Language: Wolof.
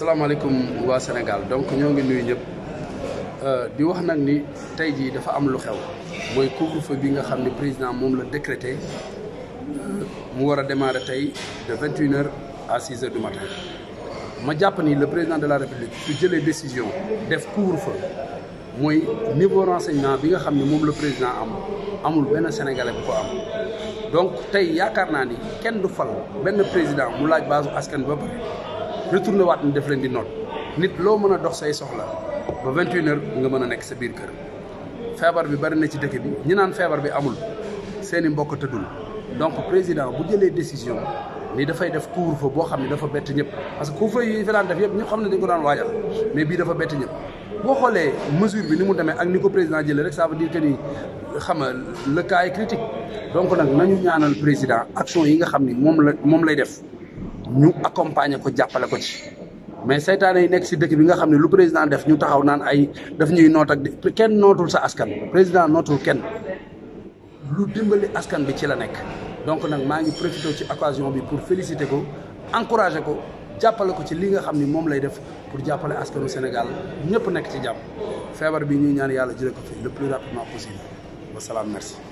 salaamaaleykum wa Sénégal donc ñoo ngi nuyu euh di wax nak ni tey jii dafa am lu xew moy couvre-feu bi nga xamni président mom la décrété euh, mu wara démarrer tay de vingt et à 6h du matin ma japp ni le président de la république su jëlee décision def couvre-feu moy niveau renseignement bi nga xamni mom le président am amul ben sénégalais bu ko am donc tay yakarna ni kenn du fal ben président mu laaj base askan ba pare retourné waat ni def leen di noot nit loo mën a dox say soxla ba vingt une heures nga mën a nekk sa biir kër feebar bi bari na ci dëkk bi ñi naan feebar bi amul seeni mbokk tëddul donc président bu jëlee décision ni dafay def couvre-feu boo xam ne dafa bett ñëpp parce que couvre-feu yi fi daan def yëpp ñu xam ne dañ ko daan waajal mais bii dafa bett ñëpp boo xoolee mesure bi ni mu demee ak ni ko président jëlee rek ça veut dire que ni xam nga le cas est critique donc nag nañu ñaanal président action yi nga xam ni moom la moom lay def ñu accompagner ko jàppale ko ci mais seytaane yi nekk si dëkk bi nga xam ne lu président def ñu taxaw naan ay daf ñuy noot ak kenn nootul sa askan président nootul kenn lu dimbali askan bi ci la nekk donc nag maa ngi profité ci occasion bi pour féliciter ko encourager ko jàppale ko ci li nga xam ni moom lay def pour jàppale askanu Sénégal ñëpp nekk ci jàmm feebar bi ñuy ñaan yàlla jële ko fi le plus rapidement possible salaam merci